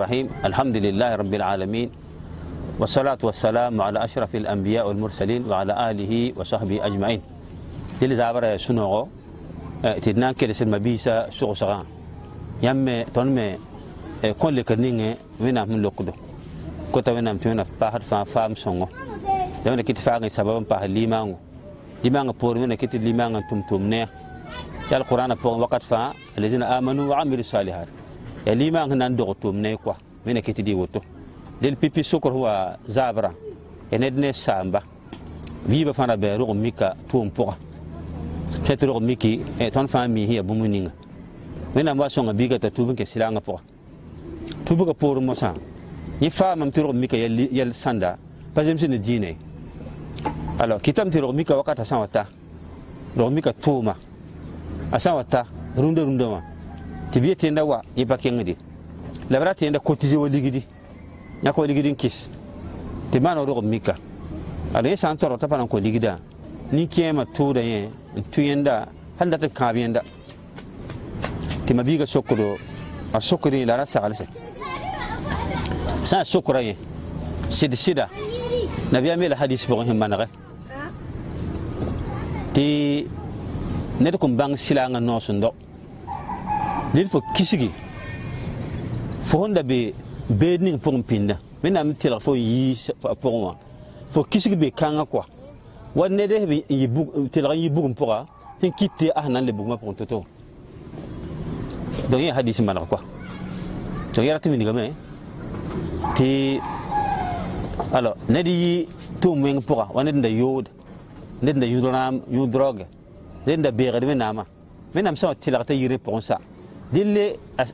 الرحيم الحمد لله رب العالمين والصلاة والسلام على أشرف الأنبياء والمرسلين وعلى آله وصحبه أجمعين دل زابر سنوغو تدنان كده سلم بيسا سوغ سغان يم تنم كل كنين وينا من لقدو كتا وينا متونا باحد فان فام سنغو دمنا كت فاغن سببا باحد ليمانو ليمانغ بور وينا كت ليمانغ تمتمنيه يا القرآن فوق وقت فان الذين آمنوا وعملوا الصالحات ya lima ang nan dogo tum ne kwa me ne kiti di woto del pipi sokor huwa zabra ened ne samba viba fana be rogo mika tum poka rogo miki e ton fami hiya bumuninga na mwaso songa biga ta tubun ke silanga poka tubu ka por mosa ni fama mtiro mika yel yel sanda pa pazem sine dine alors kitam tiro mika wakata sawata rogo mika tuma asawata runda runda wa tibiye tenda wa ibakengdi labra tenda kotize wo ligidi nyako ligidi kis ti mana ro mika ale san toro ta panan ko ligida ni kema tuda ye tuyenda handa ta kabiyenda ti mabiga sokoro a sokori lara sagalse sa sokora ye sidi sida nabiya mel hadis bo hin manare ti ne ko bang silanga no sundo nin fo kisigi fo honda be beed ning pʋgẽ pĩnda me na m tɩlg fo n yɩ a pʋgẽ wã fo kisg be kãngã kɔa ah eh? wa ned sb tɩlg n yɩ bugum pʋga sẽn kɩt tɩ a sẽn na n le bugumã pʋgẽ to-to donc yẽ hadis n maneg kɔa donc yɛra tɩ wingame tɩ alo ned yɩ tʋʋm wẽng pʋga wa ned n da yood ned n da yũd rãam yũ droge ned n da beegd wẽnnaamã wẽnnaam sã wa tɩlg t'a yire pʋgẽ sa dille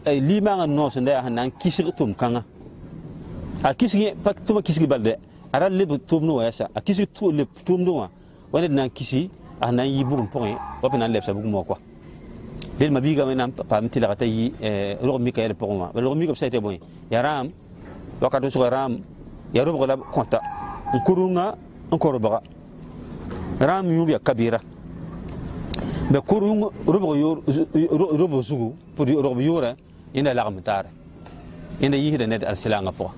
limanga nos nda han nan kisir tum kanga a kisir pak tuma kisir balde ara le tum no yasa a kisir tu le tum no wana nan kisi a nan yi bugun pon wa pe nan le sa bugun mo kwa del ma biga nan pa mti la tayi ro mi kayel pon wa ro mi ko sa te bon ya ram wakatu so ram ya ro ko la konta nkurunga nkoro baga ram yumbi kabira بكورون ربع يور ربع زوجو بدي ربع يورا إن لا متار إن يهيد ند أرسلان غفوا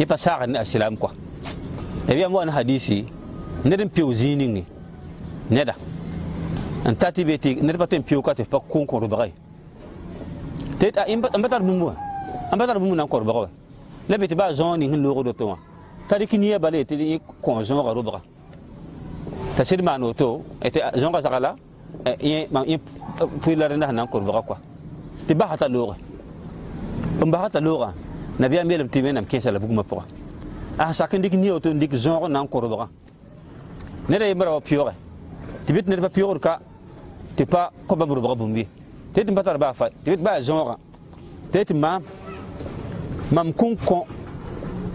يبصار ند أرسلان كوا أبي أمو أنا حديثي ندم بيوزيني ندا أن تاتي بيتي ندم بتم بيوكات فبكون كون ربعي تيت أمبتر بمو أمبتر بمو نكور بقى لا بيتي بقى زوني هنلوغو دوتوا تاريخ نية بالي تلي كون زون غرو بقى تسير معنوتو إتي زون غزالا فيلر نه نان كور بغا كوا تبا حتى لوغا ام با حتى لوغا نبي اميل بتي وين ام كيسا لبوما بوا اه ساكن ديك نيو تو ديك زون نان كور بغا نرا يمرا بيورا تبيت نرا بيور كا تبا كوبا برو بغا بومبي تيت مبتر با فاي تبيت با زونغا تيت ما mam kũn kõ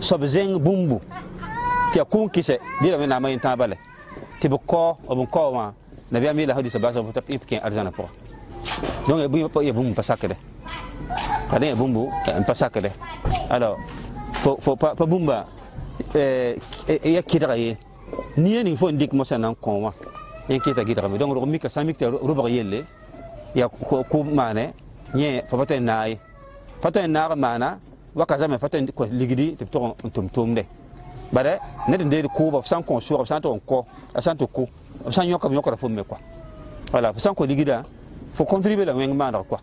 soab zẽng bũmbu tɩ ya kũn kɩsɛ dɩ rame naama yẽ tãabã lɛ tɩ b kao b n kao wã nabi amila hadi sabasa bo tak ipke arjana po donc e bu e bu pasakede ade e bumbu pasakede alors fo fo pa, pa bumba eh, eh ya kidraye niye ni fo ndik mosa nan konwa en kita gidrame donc ro mika samik te ro ba yelle ya ko ko mane nye fo paten nay paten nar mana waka zame paten ko ligidi te to tum tum de bare ne de ko ba san kon sur san to ko san to ko b sã n yõkb yõkra fo me kɔa wala fo sã kõ ligda fo contribe la wẽng maaneg kɔa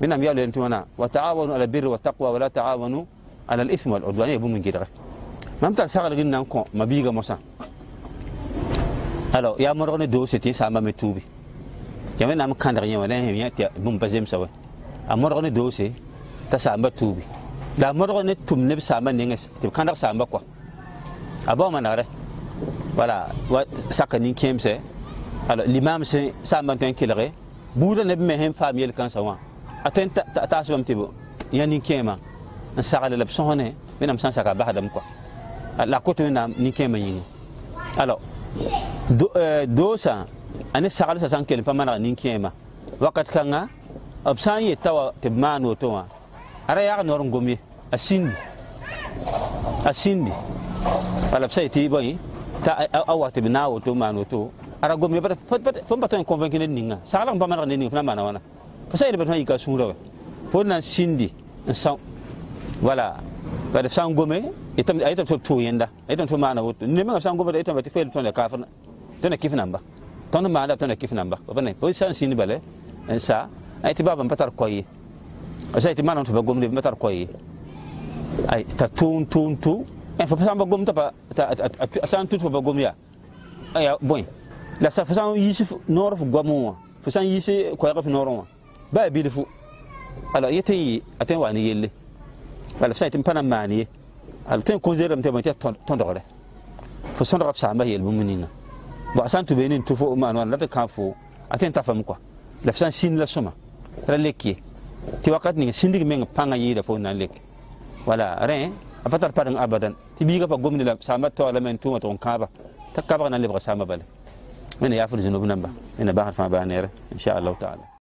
wẽnnaam yaa lem tɩ wãna wa taawanu ala birri wataqwa wala taawanu ala lism waludwan yaa bũmb n gɩdge mam tar saglg n na kõ ma biiga mosã alors yaa modg ne doose tɩ sã n bame tuubi ya wẽnnaam kãndg yẽ wã la yẽ tɩ bũmb pa zemsa we a modg ne doose t'a sãamba tuubi la a modg ne tʋm neb sãamba nengẽ tɩ b kãndg sãamba kɔa a bao manegre voilà wa saka nin kemse alors l'imam c'est ça mantin kilare buda ne me hem fam yel kan sawa aten ta sabam tibo yani kema an sagala lab sonne benam san saka bahadam quoi la koto na ni kema yini alors do do sa ane sagala sa san kelpa mana nin kema wakat kanga absan ye tawa tibman woto wa ara ya norngomye asindi asindi wala sai ti boyi ta awati binawo to mano to ara gomne bata fon bata en convaincu ne ninga sala ba mana ne ninga fana mana wana fasa ida bata yika sura fon nan sindi san wala bada san gome itam itam to to yenda itam to mana woto ne ma san gome itam bata fel ton da kafna ton kif namba ton mana ton kif namba ko bane ko san sindi bale en sa ay ti baba patar koyi asa ti mana to ba gomne patar koyi ay ta tun tun tun fa fasan ba gomta pa asan tut fa ba gom ya ya boy la sa fasan yisuf nor fu gomo wa fasan yisi ko ya fu nor wa ba bi fu ala yete aten wa ni yelle ala sa tin panam mani ala tin ko zeram te ma ta ton dore fu son raf sa ma yel mumunina ba asan tu benin tu fu man wa la ta kan fu aten ta fam kwa la fasan sin la soma ra lekki ti wakat ni sindig meng panga yida fo na lek wala ren أفتر بدن أبدا تبي يقف قوم نلا سامة تعالى من توما تون كابا تكابا أنا اللي سامة بالي أنا يافر زنوب نبا أنا بعرف ما بعنير إن شاء الله تعالى